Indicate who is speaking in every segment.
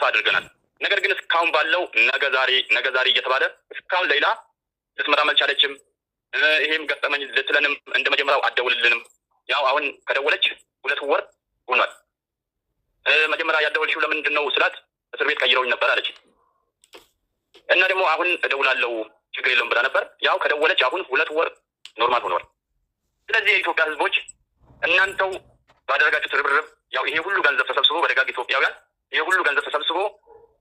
Speaker 1: ተስፋ አድርገናል። ነገር ግን እስካሁን ባለው ነገ ዛሬ ነገ ዛሬ እየተባለ እስካሁን ሌላ ልትመጣ አልቻለችም። ይሄም ገጠመኝ ልትለንም እንደ መጀመሪያው አደውልልንም። ያው አሁን ከደወለች ሁለት ወር ሆኗል። መጀመሪያ ያደወልሽው ለምንድን ነው ስላት እስር ቤት ቀይረውኝ ነበር አለች እና ደግሞ አሁን እደውላለሁ ችግር የለውም ብላ ነበር። ያው ከደወለች አሁን ሁለት ወር ኖርማል ሆኗል። ስለዚህ የኢትዮጵያ ሕዝቦች እናንተው ባደረጋችሁት ርብርብ ያው ይሄ ሁሉ ገንዘብ ተሰብስቦ በደጋግ ኢትዮጵያውያን ይህ ሁሉ ገንዘብ ተሰብስቦ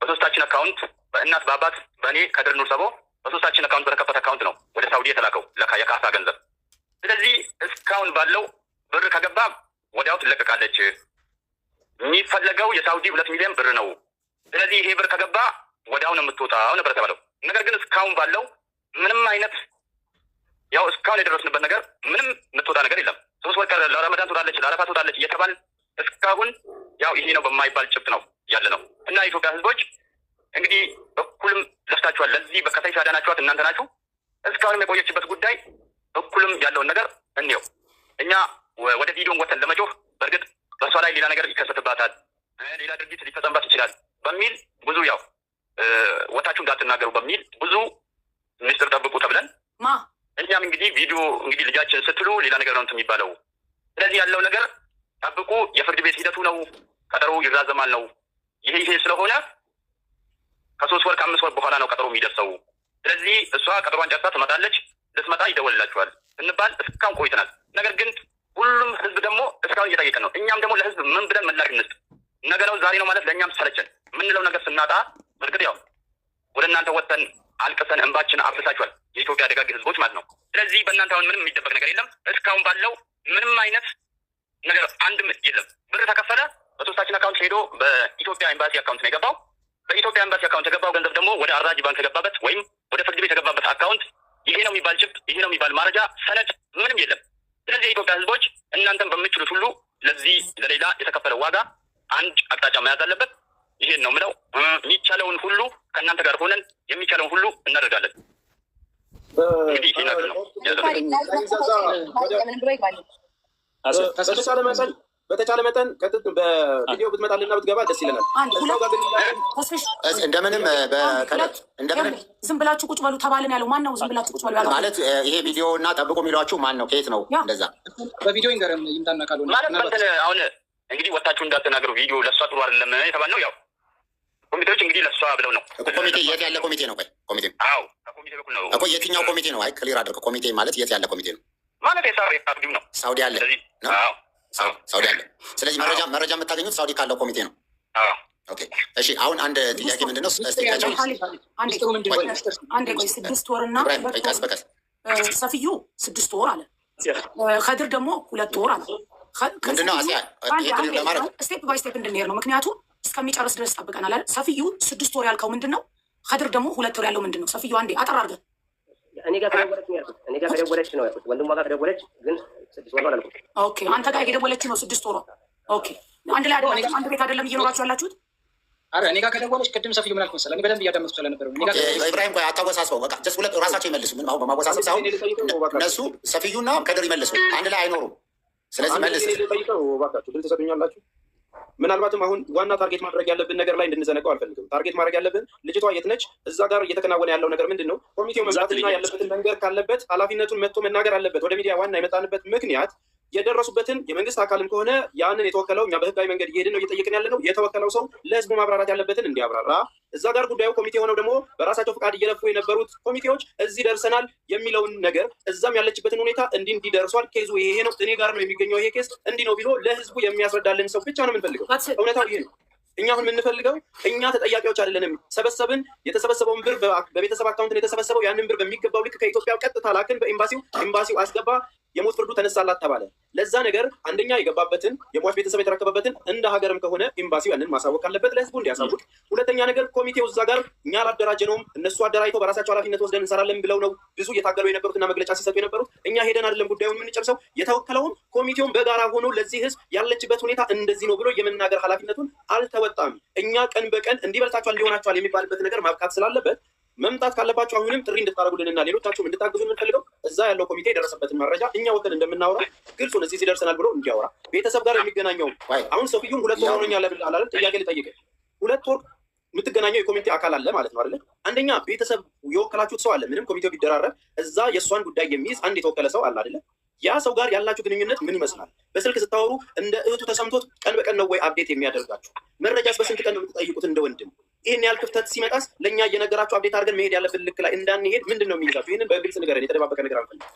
Speaker 1: በሶስታችን አካውንት በእናት በአባት በእኔ ከድር ኑር ሰቦ በሶስታችን አካውንት በተከፈተ አካውንት ነው ወደ ሳውዲ የተላከው የካሳ ገንዘብ። ስለዚህ እስካሁን ባለው ብር ከገባ ወዲያው ትለቀቃለች። የሚፈለገው የሳውዲ ሁለት ሚሊዮን ብር ነው። ስለዚህ ይሄ ብር ከገባ ወዲያው ነው የምትወጣው ነበር የተባለው። ነገር ግን እስካሁን ባለው ምንም አይነት ያው እስካሁን የደረስንበት ነገር ምንም የምትወጣ ነገር የለም። ሶስት ወር ለረመዳን ትወጣለች፣ ለአረፋ ትወጣለች እየተባል እስካሁን ያው ይሄ ነው በማይባል ጭብጥ ነው ያለ ነው እና የኢትዮጵያ ህዝቦች እንግዲህ እኩልም ለፍታችኋል። ለዚህ በከሳይ ሳዳናችኋት እናንተ ናችሁ። እስካሁንም የቆየችበት ጉዳይ እኩልም ያለውን ነገር እንየው። እኛ ወደ ቪዲዮን ወተን ለመጮህ በእርግጥ በእሷ ላይ ሌላ ነገር ይከሰትባታል፣ ሌላ ድርጊት ሊፈጸምባት ይችላል በሚል ብዙ ያው ወታችሁ እንዳትናገሩ በሚል ብዙ ሚስጥር ጠብቁ ተብለን እኛም እንግዲህ ቪዲዮ እንግዲህ ልጃችን ስትሉ ሌላ ነገር ነው የሚባለው። ስለዚህ ያለው ነገር ጠብቁ፣ የፍርድ ቤት ሂደቱ ነው፣ ቀጠሮ ይራዘማል ነው ይሄ ይሄ ስለሆነ ከሶስት ወር ከአምስት ወር በኋላ ነው ቀጠሮ የሚደርሰው። ስለዚህ እሷ ቀጠሯን ጨርሳ ትመጣለች። ልትመጣ ይደወልላችኋል ስንባል እስካሁን ቆይተናል። ነገር ግን ሁሉም ህዝብ ደግሞ እስካሁን እየጠየቀን ነው። እኛም ደግሞ ለህዝብ ምን ብለን ምላሽ እንስጥ? ነገረው ዛሬ ነው ማለት ለእኛም ሰለቸን። የምንለው ነገር ስናጣ በእርግጥ ያው ወደ እናንተ ወጥተን አልቅሰን እንባችን አፍሳችኋል፣ የኢትዮጵያ ደጋግ ህዝቦች ማለት ነው። ስለዚህ በእናንተ አሁን ምንም የሚደበቅ ነገር የለም። እስካሁን ባለው ምንም አይነት ነገር አንድም የለም። ብር ተከፈለ በሶስታችን አካውንት ሄዶ በኢትዮጵያ ኤምባሲ አካውንት ነው የገባው። በኢትዮጵያ ኤምባሲ አካውንት የገባው ገንዘብ ደግሞ ወደ አራጅ ባንክ የገባበት ወይም ወደ ፍርድ ቤት የገባበት አካውንት ይሄ ነው የሚባል ጭብጥ፣ ይሄ ነው የሚባል ማረጃ ሰነድ ምንም የለም። ስለዚህ የኢትዮጵያ ሕዝቦች እናንተም በምችሉት ሁሉ ለዚህ ለሌላ የተከፈለ ዋጋ አንድ አቅጣጫ መያዝ አለበት። ይሄን ነው ምለው። የሚቻለውን ሁሉ ከእናንተ ጋር ሆነን የሚቻለውን ሁሉ እናደርጋለን። እንግዲህ ይሄ ነገር
Speaker 2: ነው። በተቻለ መጠን በቪዲዮ ብትመጣልና ብትገባ ደስ ይለናል። እንደምንም
Speaker 3: ዝም ብላችሁ ቁጭ በሉ ተባልን ያለው ማን ነው? ዝም ብላችሁ ቁጭ በሉ
Speaker 2: ያለው ማለት ይሄ ቪዲዮ እና ጠብቆ የሚሏችሁ ማን ነው? ከየት ነው? እንደዛ
Speaker 4: በቪዲዮ ይንገረን ይምጣና ካሉ
Speaker 1: አሁን እንግዲህ ወታችሁ እንዳትናገሩ ቪዲዮ ለእሷ ጥሩ አይደለም ነው። ያው ኮሚቴዎች እንግዲህ ለእሷ ብለው ነው።
Speaker 2: ኮሚቴ የት ያለ ኮሚቴ ነው? ቆይ ኮሚቴ ነው እኮ የትኛው ኮሚቴ ነው? አይ ክሊር አድርገው። ኮሚቴ ማለት የት ያለ ኮሚቴ ነው?
Speaker 1: ማለት የሳር ነው
Speaker 2: ሳውዲ አለ ነው ሳውዲ አለ። ስለዚህ መረጃ መረጃ የምታገኙት ሳውዲ ካለው ኮሚቴ ነው። እሺ። አሁን አንድ ጥያቄ ምንድን ነው ስድስት
Speaker 3: ወርና ቀስ ስድስት ወር አለ። ከድር ደግሞ ሁለት ወር አለ። ምንድነው ስቴፕ ባይ ስቴፕ እንድንሄድ ነው። ምክንያቱም እስከሚጨርስ ድረስ ጠብቀናል። ሰፍዩ ስድስት ወር ያልከው ምንድን ነው? ከድር ደግሞ ሁለት ወር ያለው ምንድን ነው? ሰፍዩ አንዴ አጠር
Speaker 4: እኔ ጋር ከደወለች ነው ያልኩት። እኔ ጋር ከደወለች ነው ያልኩት። ወንድሟ ጋር ከደወለች ግን ስድስት ወር አላልኩም።
Speaker 3: ኦኬ፣ አንተ ጋር የደወለች ነው ስድስት ወሯ። ኦኬ፣ አንድ ላይ አይደለም፣ አንድ ቤት አይደለም እየኖራችሁ ያላችሁት። አረ እኔ ጋር ከደወለች ቅድም ሰፊ ምን አልኩት መሰለህ፣ በደንብ እያዳመጥኩት ስለነበረ
Speaker 2: ኢብራሂም፣ ቆይ አታወሳስበው። በቃ ጀስት ሁለት ራሳቸው ይመልሱ። ምን አሁን በማወሳሰብ ሳይሆን እነሱ ሰፊዩና ከድር ይመልሱ። አንድ ላይ አይኖሩም። ስለዚህ መልስ ጠይቀው እባካችሁ፣ ግን
Speaker 4: ትሰጡኛላችሁ ምናልባትም አሁን ዋና ታርጌት ማድረግ ያለብን ነገር ላይ እንድንዘነቀው አልፈልግም። ታርጌት ማድረግ ያለብን ልጅቷ የት ነች፣ እዛ ጋር እየተከናወነ ያለው ነገር ምንድን ነው? ኮሚቴው መምራትና ያለበትን መንገድ ካለበት ኃላፊነቱን መጥቶ መናገር አለበት። ወደ ሚዲያ ዋና የመጣንበት ምክንያት የደረሱበትን የመንግስት አካልም ከሆነ ያንን የተወከለው እኛ በህጋዊ መንገድ እየሄድን ነው እየጠየቅን ያለ ነው። የተወከለው ሰው ለህዝቡ ማብራራት ያለበትን እንዲያብራራ፣ እዛ ጋር ጉዳዩ ኮሚቴ ሆነው ደግሞ በራሳቸው ፈቃድ እየለፉ የነበሩት ኮሚቴዎች እዚህ ደርሰናል የሚለውን ነገር እዛም ያለችበትን ሁኔታ እንዲህ እንዲህ ደርሷል፣ ኬዙ ይሄ ነው፣ እኔ ጋር ነው የሚገኘው ይሄ ኬስ እንዲህ ነው ቢሎ ለህዝቡ የሚያስረዳልን ሰው ብቻ ነው የምንፈልገው። እውነታ ይሄ ነው። እኛ አሁን የምንፈልገው እኛ ተጠያቂዎች አይደለንም። ሰበሰብን፣ የተሰበሰበውን ብር በቤተሰብ አካውንትን የተሰበሰበው ያንን ብር በሚገባው ልክ ከኢትዮጵያ ቀጥታ ላክን በኤምባሲው ኤምባሲው አስገባ፣ የሞት ፍርዱ ተነሳላት ተባለ። ለዛ ነገር አንደኛ የገባበትን የሟች ቤተሰብ የተረከበበትን እንደ ሀገርም ከሆነ ኤምባሲው ያንን ማሳወቅ አለበት፣ ለህዝቡ እንዲያሳውቅ። ሁለተኛ ነገር ኮሚቴው እዛ ጋር እኛ አላደራጀነውም፣ እነሱ አደራጅተው በራሳቸው ኃላፊነት ወስደን እንሰራለን ብለው ነው ብዙ እየታገሉ የነበሩትና መግለጫ ሲሰጡ የነበሩት። እኛ ሄደን አይደለም ጉዳዩን የምንጨርሰው። የተወከለውም ኮሚቴውን በጋራ ሆኖ ለዚህ ህዝብ ያለችበት ሁኔታ እንደዚህ ነው ብሎ የመናገር ኃላፊነቱን አልተወጣም። እኛ ቀን በቀን እንዲበልታቸዋል እንዲሆናቸዋል የሚባልበት ነገር ማብቃት ስላለበት መምጣት ካለባቸው አሁንም ጥሪ እንድታደርጉልንና ሌሎቻችሁም እንድታግዙ የምንፈልገው እዛ ያለው ኮሚቴ የደረሰበትን መረጃ እኛ ወተን እንደምናወራ ግልጹን እዚህ ሲደርሰናል ብሎ እንዲያወራ ቤተሰብ ጋር የሚገናኘው አሁን ሰውዬውም ሁለት ወር ሆኖኛል አላለ? ጥያቄ ልጠይቅ፣ ሁለት ወር የምትገናኘው የኮሚቴ አካል አለ ማለት ነው አይደለ? አንደኛ ቤተሰብ የወከላችሁት ሰው አለ። ምንም ኮሚቴው ቢደራረብ እዛ የእሷን ጉዳይ የሚይዝ አንድ የተወከለ ሰው አለ አይደለ? ያ ሰው ጋር ያላችሁ ግንኙነት ምን ይመስላል? በስልክ ስታወሩ እንደ እህቱ ተሰምቶት ቀን በቀን ነው ወይ አብዴት የሚያደርጋችሁ? መረጃስ በስንት ቀን ነው የምትጠይቁት? እንደ ወንድም ይህን ያህል ክፍተት ሲመጣስ ለእኛ እየነገራቸው አብዴት አድርገን መሄድ ያለብን ልክ ላይ እንዳንሄድ ምንድን ነው የሚይዛቸው? ይህንን በግልጽ ንገረን። የተደባበቀ ነገር አንፈልግም።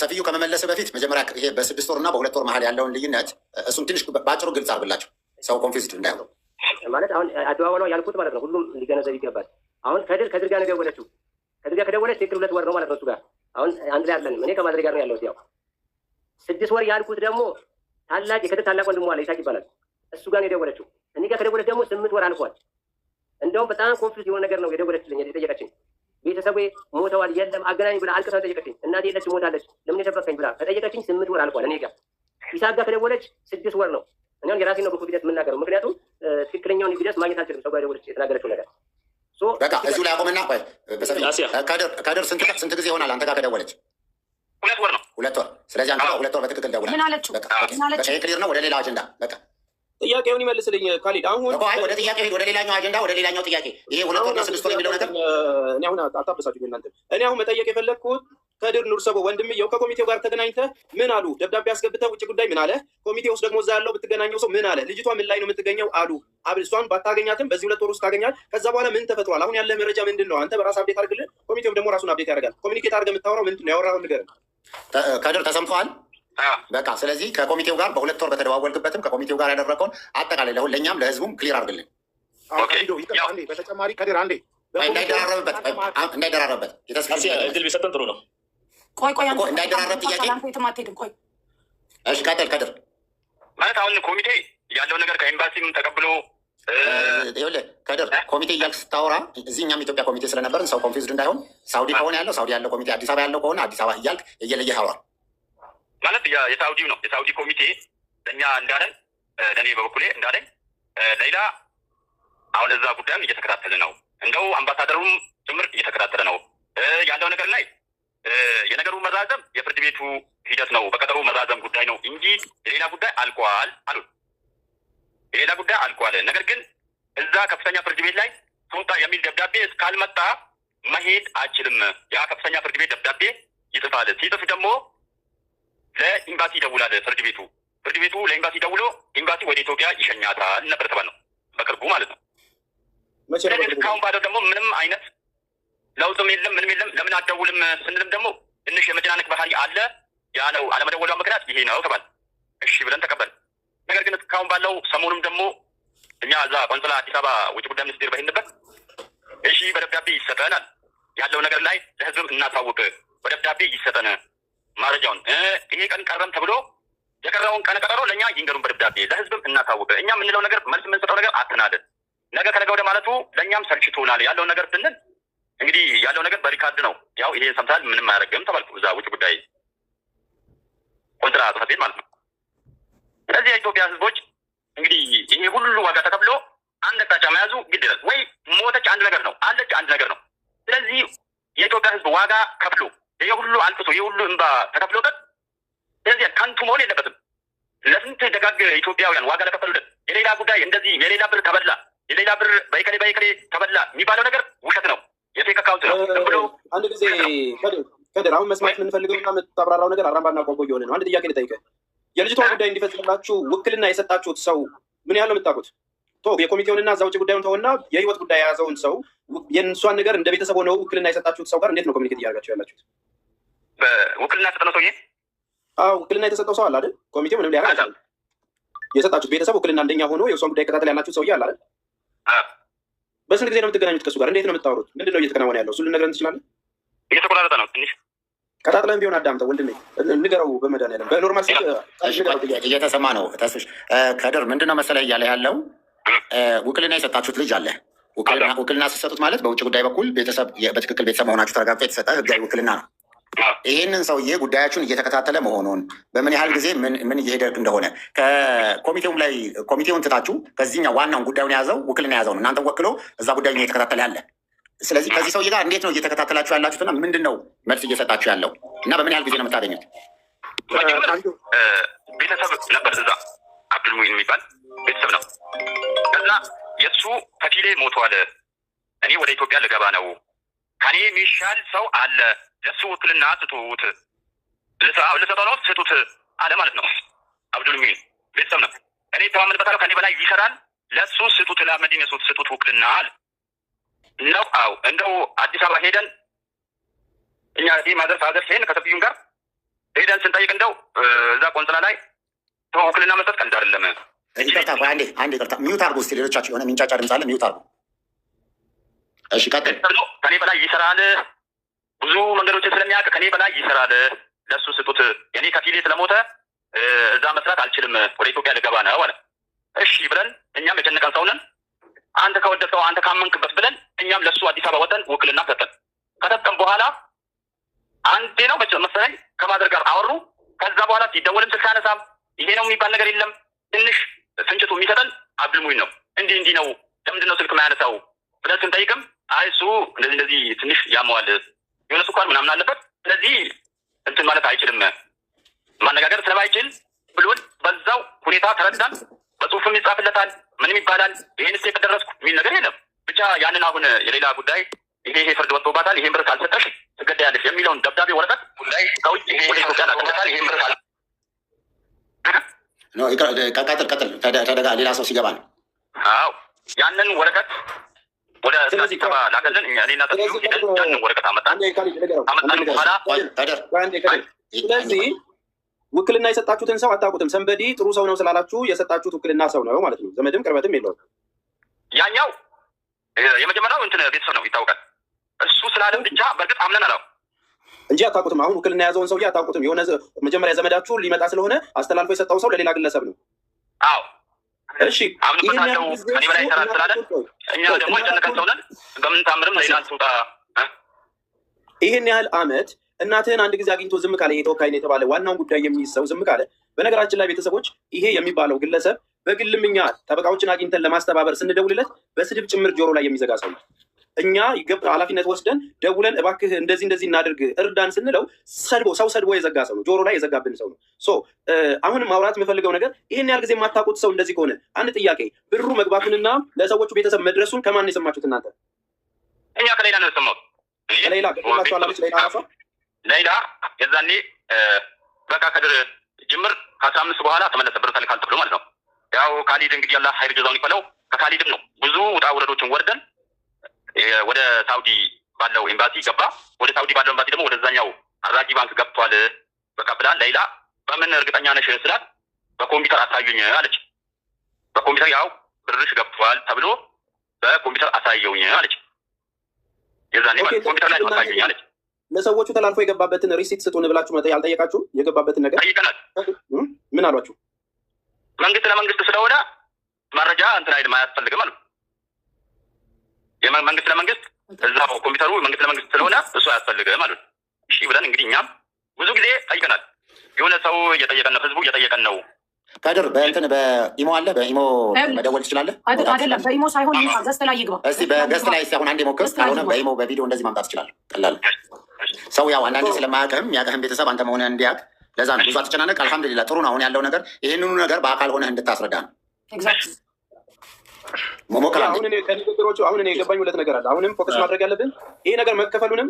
Speaker 2: ሰፊዩ ከመመለስ በፊት መጀመሪያ ይሄ በስድስት ወር እና በሁለት ወር መሀል ያለውን ልዩነት እሱን ትንሽ በአጭሩ ግልጽ አድርግላቸው ሰው ኮንፊውዝድ እንዳይሆነው ማለት አሁን አደባባይ ያልኩት ማለት ነው። ሁሉም ሊገነዘብ ይገባል። አሁን ከድር ከድር ጋር ነው የደወለችው። ከድር ጋር ከደወለች ትክክል ሁለት ወር ነው ማለት ነው። እሱ ጋር አሁን አንድ ላይ አለንም። እኔ ከማድረግ ጋር ነው ያለሁት። ያው ስድስት ወር ያልኩት ደግሞ ታላቅ የከድር ታላቅ ወንድሞ አለ ይሳቅ ይባላል። እሱ ጋር ነው የደወለችው። እኔ ጋር ከደወለች ደግሞ ስምንት ወር አልፏል። እንደውም በጣም ኮንፊዝ የሆነ ነገር ነው የደወለችልኝ የጠየቀችኝ። ቤተሰቡ ሞተዋል የለም አገናኝ ብላ አልቅሳ ጠየቀችኝ። እናቴ የለች ሞታለች፣ ለምን የደበቀኝ ብላ ከጠየቀችኝ ስምንት ወር አልቋል። እኔ ጋር ይሳቅ ጋር ከደወለች ስድስት ወር ነው። እኛም የራሴ ነው በኮንፊደንስ የምናገረው፣ ምክንያቱም ትክክለኛውን ኤቪደንስ ማግኘት አልችልም። ሰው ጋር ደወለች የተናገረችው ነገር በቃ እዚሁ ላይ አቆምና ከድር ስንት ጊዜ ይሆናል አንተ ጋር ከደወለች? ሁለት ወር ነው። ሁለት ወር። ስለዚህ አንተ ሁለት ወር በትክክል ደውላለች። ምን አለችው? ክሊር ነው። ወደ ሌላ አጀንዳ በቃ
Speaker 4: ጥያቄውን ይመልስልኝ ካሊድ።
Speaker 2: አሁን ወደ ጥያቄ ወደ ሌላኛው አጀንዳ ወደ ሌላኛው ጥያቄ ይሄ ሁለት ስድስት የሚለው ነገር
Speaker 4: እኔ አሁን አታበሳችሁ እናንተ። እኔ አሁን መጠየቅ የፈለግኩት ከድር ኑርሰቦ ወንድምየው ከኮሚቴው ጋር ተገናኝተ ምን አሉ? ደብዳቤ አስገብተ ውጭ ጉዳይ ምን አለ? ኮሚቴ ውስጥ ደግሞ እዛ ያለው ብትገናኘው ሰው ምን አለ? ልጅቷ ምን ላይ ነው የምትገኘው አሉ። እሷን ባታገኛትም በዚህ ሁለት ወር ውስጥ ካገኛል ከዛ በኋላ ምን ተፈጥሯል? አሁን ያለ መረጃ ምንድን ነው? አንተ በራስ አብዴት አድርግልን፣ ኮሚቴውም ደግሞ ራሱን አብዴት ያደርጋል። ኮሚኒኬት አድርገህ የምታወራው ምንድን ነው? ያወራው ነገር
Speaker 2: ከድር ተሰምተዋል በቃ ስለዚህ ከኮሚቴው ጋር በሁለት ወር በተደዋወልክበትም ከኮሚቴው ጋር ያደረገውን አጠቃላይ ለሁን ለእኛም ለህዝቡም ክሊር አድርግልን።
Speaker 4: በተጨማሪ ከዲር አንዴ
Speaker 2: እንዳይደራረብበት እድል ቢሰጠን ጥሩ ነው። ቆይ ቆይ እንዳይደራረብ ጥያቄ ቆይ እሺ፣ ቀጥል ከድር
Speaker 1: ማለት አሁን ኮሚቴ ያለው ነገር ከኤምባሲም ተቀብሎ
Speaker 2: ከድር ኮሚቴ እያልክ ስታወራ እዚህ እኛም ኢትዮጵያ ኮሚቴ ስለነበርን ሰው ኮንፊውዝድ እንዳይሆን ሳውዲ ከሆነ ያለው ሳውዲ ያለው ኮሚቴ፣ አዲስ አበባ ያለው ከሆነ አዲስ አበባ እያልክ እየለየህ አውራል።
Speaker 1: ማለት የሳውዲ ነው። የሳውዲ ኮሚቴ እኛ እንዳለን ለእኔ በበኩሌ እንዳለኝ ሌላ አሁን እዛ ጉዳይም እየተከታተለ ነው። እንደው አምባሳደሩም ጭምር እየተከታተለ ነው ያለው ነገር ላይ የነገሩ መራዘም የፍርድ ቤቱ ሂደት ነው፣ በቀጠሮ መራዘም ጉዳይ ነው እንጂ የሌላ ጉዳይ አልቋል አሉ። የሌላ ጉዳይ አልቋል። ነገር ግን እዛ ከፍተኛ ፍርድ ቤት ላይ ቱንጣ የሚል ደብዳቤ እስካልመጣ መሄድ አይችልም። ያ ከፍተኛ ፍርድ ቤት ደብዳቤ ይጽፋል። ሲጽፍ ደግሞ ለኢምባሲ ደውላል ፍርድ ቤቱ። ፍርድ ቤቱ ለኢምባሲ ደውሎ ኢምባሲ ወደ ኢትዮጵያ ይሸኛታል ነበር ነው በቅርቡ ማለት ነው። እስካሁን ባለው ደግሞ ምንም አይነት ለውጥም የለም ምንም የለም። ለምን አደውልም ስንልም ደግሞ ትንሽ የመጨናነቅ ባህሪ አለ። ያ ነው አለመደወሏ ምክንያት ይሄ ነው ተባል። እሺ ብለን ተቀበል። ነገር ግን እስካሁን ባለው ሰሞኑም ደግሞ እኛ እዛ ቆንስላ አዲስ አበባ ውጭ ጉዳይ ሚኒስቴር በሄንበት እሺ በደብዳቤ ይሰጠናል ያለው ነገር ላይ ለህዝብም እናሳውቅ በደብዳቤ ይሰጠን ማረጃውን ይሄ ቀን ቀረም ተብሎ የቀረውን ቀን ቀጠሮ ለእኛ ይንገሩን በደብዳቤ ለህዝብም እናሳውቅ። እኛ የምንለው ነገር መልስ የምንሰጠው ነገር አትናደድ፣ ነገ ከነገ ወደ ማለቱ ለእኛም ሰልችቶናል። ያለውን ነገር ስንል እንግዲህ ያለው ነገር በሪካርድ ነው። ያው ይሄ ሰምታል፣ ምንም አያደርግም ተባልኩ። እዛ ውጭ ጉዳይ ኮንትራ ጽሕፈት ቤት ማለት ነው። ስለዚህ የኢትዮጵያ ህዝቦች እንግዲህ ይሄ ሁሉ ዋጋ ተከፍሎ አንድ አቅጣጫ መያዙ ግድ ይላል። ወይ ሞተች አንድ ነገር ነው፣ አለች አንድ ነገር ነው። ስለዚህ የኢትዮጵያ ህዝብ ዋጋ ከፍሎ ይህ ሁሉ አልቅሶ ይህ ሁሉ እንባ ተከፍሎበት፣ ስለዚህ ከንቱ መሆን የለበትም። ለስንት ደጋግ ኢትዮጵያውያን ዋጋ ለከፈሉለት የሌላ ጉዳይ እንደዚህ የሌላ ብር ተበላ የሌላ ብር በይከሌ በይከሌ ተበላ የሚባለው ነገር ውሸት ነው። የፌክ አካውንት ነው
Speaker 4: ብሎ አንድ ጊዜ ከድር አሁን መስማት የምንፈልገው ና የምታብራራው ነገር አራምባና ቆንጆ እየሆነ ነው። አንድ ጥያቄ ልጠይቅህ። የልጅቷ ጉዳይ እንዲፈጽምላችሁ ውክልና የሰጣችሁት ሰው ምን ያህል ነው የምታውቁት? ቶ የኮሚቴውንና እዛ ውጭ ጉዳዩን ተውና የህይወት ጉዳይ የያዘውን ሰው የእንሷን ነገር እንደ ቤተሰብ ሆነው ውክልና የሰጣችሁት ሰው ጋር እንዴት ነው ኮሚኒኬት እያደረጋችሁ ያላችሁት?
Speaker 1: በውክልና የተሰጠነው ሰውዬ
Speaker 4: ውክልና የተሰጠው ሰው አለ አይደል? ኮሚቴው ምንም ሊያደርግ አይችልም። የሰጣችሁት ቤተሰብ ውክልና አንደኛ ሆኖ የእሷን ጉዳይ ከታተል ያላችሁት ሰውዬ አለ አይደል? በስንት ጊዜ ነው የምትገናኙት? ከሱ ጋር እንዴት ነው የምታወሩት? ምንድን ነው እየተከናወነ ያለው? እሱን ልነግረን ትችላለን?
Speaker 1: እየተቆራረጠ ነው ትንሽ
Speaker 4: ቀጣጥለን ቢሆን አዳምጠው ወንድሜ ንገረው። በመድኃኒዓለም በኖርማል
Speaker 2: እየተሰማ ነው። ተስሽ ከድር ምንድን ነው መሰለህ እያለ ያለው ውክልና የሰጣችሁት ልጅ አለ። ውክልና ስሰጡት ማለት በውጭ ጉዳይ በኩል ቤተሰብ በትክክል ቤተሰብ መሆናችሁ ተረጋግጦ የተሰጠ ህጋዊ ውክልና ነው። ይህንን ሰውዬ ጉዳያችሁን እየተከታተለ መሆኑን በምን ያህል ጊዜ ምን እየሄደ እንደሆነ ከኮሚቴውም ላይ ኮሚቴውን ትታችሁ ከዚህኛው ዋናውን ጉዳዩን የያዘው ውክልን የያዘው ነው እናንተ ወክሎ እዛ ጉዳዩ እየተከታተለ ያለ። ስለዚህ ከዚህ ሰውዬ ጋር እንዴት ነው እየተከታተላችሁ ያላችሁትና ምንድን ነው መልስ እየሰጣችሁ ያለው እና በምን ያህል ጊዜ ነው የምታገኙት?
Speaker 1: ቤተሰብ ነበር እዛ አብዱል ሙኢን የሚባል ቤተሰብ ነው። ከዛ የእሱ ከፊሌ ሞቷል። እኔ ወደ ኢትዮጵያ ልገባ ነው። ከኔ የሚሻል ሰው አለ ለሱ ውክልና ስጡት፣ ልሰጠው ስጡት አለ ማለት ነው። አብዱል ሙሚን ቤተሰብ ነው። እኔ ተማመንበታለሁ፣ ከኔ በላይ ይሰራል። ለሱ ስጡት፣ ለአህመዲን የሱት ስጡት ውክልና አለ ነው። አው እንደው አዲስ አበባ ሄደን እኛ ይህ ማዘር ፋዘር ሲሄን ከሰፊዩን ጋር ሄደን ስንጠይቅ እንደው እዛ ቆንጽላ ላይ ውክልና መስጠት ቀልድ አይደለም።
Speaker 2: ይቅርታ አንዴ አንዴ ይቅርታ፣ ሚዩት አርጎ ስ ሌሎቻችሁ የሆነ ሚንጫጫ ድምፅ አለ፣ ሚዩት አርጎ። እሺ ቀጥል።
Speaker 1: ከኔ በላይ ይሰራል ብዙ ችግሮችን ስለሚያውቅ ከኔ በላይ ይሰራል። ለሱ ስጡት። የኔ ከፊሌ ስለሞተ እዛ መስራት አልችልም። ወደ ኢትዮጵያ ልገባ ነው አለ። እሺ ብለን እኛም የጨነቀን ሰውነን አንተ ከወደድከው አንተ ካመንክበት ብለን እኛም ለሱ አዲስ አበባ ወጠን ውክልና ሰጠን። ከሰጠን በኋላ አንዴ ነው መሰለኝ ከማድረግ ጋር አወሩ። ከዛ በኋላ ሲደወልም ስልክ አነሳም። ይሄ ነው የሚባል ነገር የለም። ትንሽ ፍንጭቱ የሚሰጠን አብድልሙኝ ነው። እንዲህ እንዲህ ነው፣ ለምንድን ነው ስልክ ማያነሳው ብለን ስንጠይቅም አይ እሱ እንደዚህ እንደዚህ ትንሽ ያመዋል የሆነ ስኳር ምናምን አለበት። ስለዚህ እንትን ማለት አይችልም፣ ማነጋገር ስለማይችል ብሎን በዛው ሁኔታ ተረዳን። በጽሁፍም ይጻፍለታል፣ ምንም ይባላል። ይህን ስ ከደረስኩ የሚል ነገር የለም። ብቻ ያንን አሁን የሌላ ጉዳይ ይሄ ይሄ ፍርድ ወጥቶባታል፣ ይሄን ብር ካልሰጠሽ ትገደያለሽ የሚለውን ደብዳቤ ወረቀት ጉዳይ ከውጭ ይሄ ኢትዮጵያ ላቅበታል፣ ይሄን ብር ካል ቀጥል ቀጥል፣ ሌላ ሰው ሲገባ ነው። አዎ ያንን ወረቀት ወደ ስባ ላከልን እኔና ጠፊ ሄደን ያንን ወረቀት አመጣን አመጣን በኋላ ስለዚህ ውክልና የሰጣችሁትን ሰው አታውቁትም። ሰንበዲ ጥሩ ሰው ነው ስላላችሁ የሰጣችሁት ውክልና ሰው ነው ማለት ነው። ዘመድም ቅርበትም የለውም። ያኛው የመጀመሪያው እንትን ቤተሰብ ነው ይታወቃል። እሱ ስላለም ብቻ በእርግጥ አምነን አላው እንጂ አታውቁትም። አሁን ውክልና የያዘውን ሰውዬ አታውቁትም። የሆነ መጀመሪያ ዘመዳችሁ ሊመጣ ስለሆነ አስተላልፎ የሰጠው ሰው ለሌላ ግለሰብ ነው። አዎ እሺ አምንበታለው። በላይ ስላለን እኛ ደግሞ የጨነቀን ሰው ነን። በምን ታምርም ሌላ ስውጣ ይህን ያህል አመት እናትህን አንድ ጊዜ አግኝቶ ዝም ካለ ነው የተባለ ዋናውን ጉዳይ የሚይዝ ሰው ዝም ካለ፣ በነገራችን ላይ ቤተሰቦች፣ ይሄ የሚባለው ግለሰብ በግልም እኛ ጠበቃዎችን አግኝተን ለማስተባበር ስንደውልለት በስድብ ጭምር ጆሮ ላይ የሚዘጋ ሰው ነው። እኛ ኃላፊነት ወስደን ደውለን እባክህ እንደዚህ እንደዚህ እናደርግ እርዳን ስንለው ሰድቦ ሰው ሰድቦ የዘጋ ሰው ነው፣ ጆሮ ላይ የዘጋብን ሰው ነው። ሶ አሁን ማውራት የምፈልገው ነገር ይህን ያህል ጊዜ የማታውቁት ሰው እንደዚህ ከሆነ አንድ ጥያቄ፣ ብሩ መግባቱንና ለሰዎቹ ቤተሰብ መድረሱን ከማን የሰማችሁት እናንተ? እኛ ከሌላ ነው የሰማሁት። ሌላ ሌላ ሌላ የዛኔ በቃ ከድር ጅምር ከአስራ አምስት በኋላ ተመለሰ ብር ተልካል ተብሎ ማለት ነው። ያው ካሊድ እንግዲህ ያላ ሀይር ጀዛውን ይፈለው ከካሊድም ነው ብዙ ውጣ ውረዶችን ወርደን ወደ ሳውዲ ባለው ኤምባሲ ገባ። ወደ ሳውዲ ባለው ኤምባሲ ደግሞ ወደዛኛው አራጂ ባንክ ገብቷል በቃ ብላ ሌላ በምን እርግጠኛ ነሽ ስላት በኮምፒውተር አሳዩኝ አለች። በኮምፒውተር ያው ብርሽ ገብቷል ተብሎ በኮምፒውተር አሳየውኝ አለች። የዛኔ ማለት ኮምፒውተር ላይ አሳዩኝ አለች። ለሰዎቹ ተላልፎ የገባበትን ሪሲት ስጡን ብላችሁ መጠ ያልጠየቃችሁ የገባበትን ነገር ጠይቀናል። ምን አሏችሁ? መንግስት ለመንግስት ስለሆነ መረጃ እንትን አይልም አያስፈልግም አሉ። የመንግስት ለመንግስት እዛው ኮምፒውተሩ መንግስት ለመንግስት ስለሆነ እሱ አያስፈልግም አሉ። እሺ ብለን እንግዲህ እኛም ብዙ ጊዜ ጠይቀናል። የሆነ ሰው እየጠየቀን ነው፣ ህዝቡ እየጠየቀን ነው። ከድር በእንትን በኢሞ አለ በኢሞ መደወል ትችላለህ። አይደለም በኢሞ ሳይሆን ገስት ላይ ይግባ እስኪ። በገስት ላይ ሲሆን አንድ ሞክር፣ ካልሆነ በኢሞ በቪዲዮ እንደዚህ ማምጣት ትችላለህ። ቀላል ሰው ያው አንዳንዴ ስለማያውቅህም ያውቅህም ቤተሰብ አንተ መሆን እንዲያውቅ ለዛ ነው ብዙ አትጨናነቅ። አልሐምዱሊላ ጥሩ ነው አሁን ያለው ነገር። ይህንኑ ነገር በአካል ሆነህ እንድታስረዳ ነው። መሞከል አሁን ከንግግሮቹ አሁን እኔ የገባኝ ሁለት ነገር አለ። አሁንም ፎከስ ማድረግ ያለብን ይሄ ነገር መከፈሉንም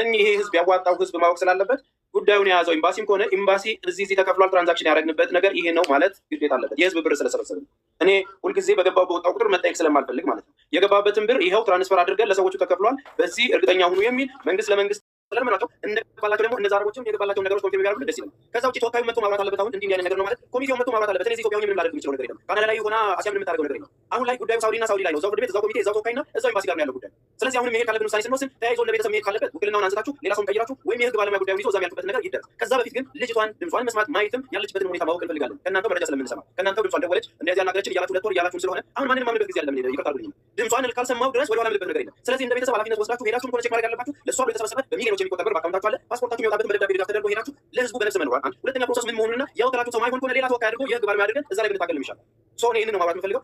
Speaker 1: እኝ ይሄ ህዝብ ያዋጣው ህዝብ ማወቅ ስላለበት ጉዳዩን የያዘው ኤምባሲም ከሆነ ኤምባሲ እዚህ እዚህ ተከፍሏል፣ ትራንዛክሽን ያደረግንበት ነገር ይሄ ነው ማለት ግዴታ አለበት። የህዝብ ብር ስለሰበሰብን እኔ ሁልጊዜ በገባው በወጣው ቁጥር መጠየቅ ስለማልፈልግ ማለት ነው። የገባበትን ብር ይኸው ትራንስፈር አድርገን ለሰዎቹ ተከፍሏል፣ በዚህ እርግጠኛ ሁኑ የሚል መንግስት ለመንግስት ስለምንላቸው እንደገባላቸው ደግሞ እነዛ አረቦችም የገባላቸውን ነገሮች ኮሚቴ የሚያደርጉ ደስ ይላል። ከዛ ውጭ ተወካዩ መጥቶ ማብራት አለበት። አሁን እንዲህ እንዲህ ዓይነት ነገር ነው ማለት ኮሚቴው መጥቶ ማብራት አለበት። ስለዚህ ኢትዮጵያ ምንም ላደርግ የሚችለው ነገር የለም። ካናዳ ላይ ሆና አስያ የምታደርገው ነገር የለም። አሁን ላይ ጉዳዩ ሳውዲና ሳውዲ ላይ ነው። እዛው ፍርድ ቤት፣ እዛው ኮሚቴ፣ እዛው ተወካይና እዛው ኤምባሲ ጋር ነው ያለው ጉዳይ። ስለዚህ አሁንም መሄድ ካለብን ውሳኔ ስንወስን ተያይዞ ለቤተሰብ መሄድ ካለበት ውክልናውን አንስታችሁ ሌላ ሰውን ቀይራችሁ ወይም የህግ ባለሙያ ጉዳዩን ይዞ እዛም ያልኩበት ነገር ይደረግ። ከዛ በፊት ግን ልጅቷን ድምጿን መስማት ማየትም ያለችበትን ሁኔታ ማወቅ እንፈልጋለን። ከእናንተው መረጃ ስለምንሰማ ከእናንተው ድምጿን ደወለች እንደዚህ ያናገረችን እያላችሁ ሁለት ወር እያላችሁን ስለሆነ አሁን ማንንም ማምንበት ጊዜ ያለምን ይፈቃሉ ልኝ ድምጿን ካልሰማው ድረስ ወደኋላ ምልበት ነገር የለም። ስለዚህ እንደ ቤተሰብ ኃላፊነት ወስዳችሁ ሄዳችሁን ኮነ ቼክ ማድረግ ያለባችሁ ለእሷ ብሎ የተሰበሰበ በሚሊዮኖች የሚቆጠር በአካውንታችሁ አለ ፓስፖርታችሁ የሚወጣበት በደብዳቤ ድጋፍ ተደርጎ ሄዳችሁ ለህዝቡ በነፍስ መኖሯል። አንድ ሁለተኛ ፕሮሰስ ምን መሆኑንና ያው ያወጠላችሁ ሰው ማይሆን ከሆነ ሌላ ተወካይ አድርጎ የህግ ባለሙያ አድርገን እዛ ላይ ብንታገል ይሻላል። ሰሆን ይህንን ነው ማብራት የምፈልገው።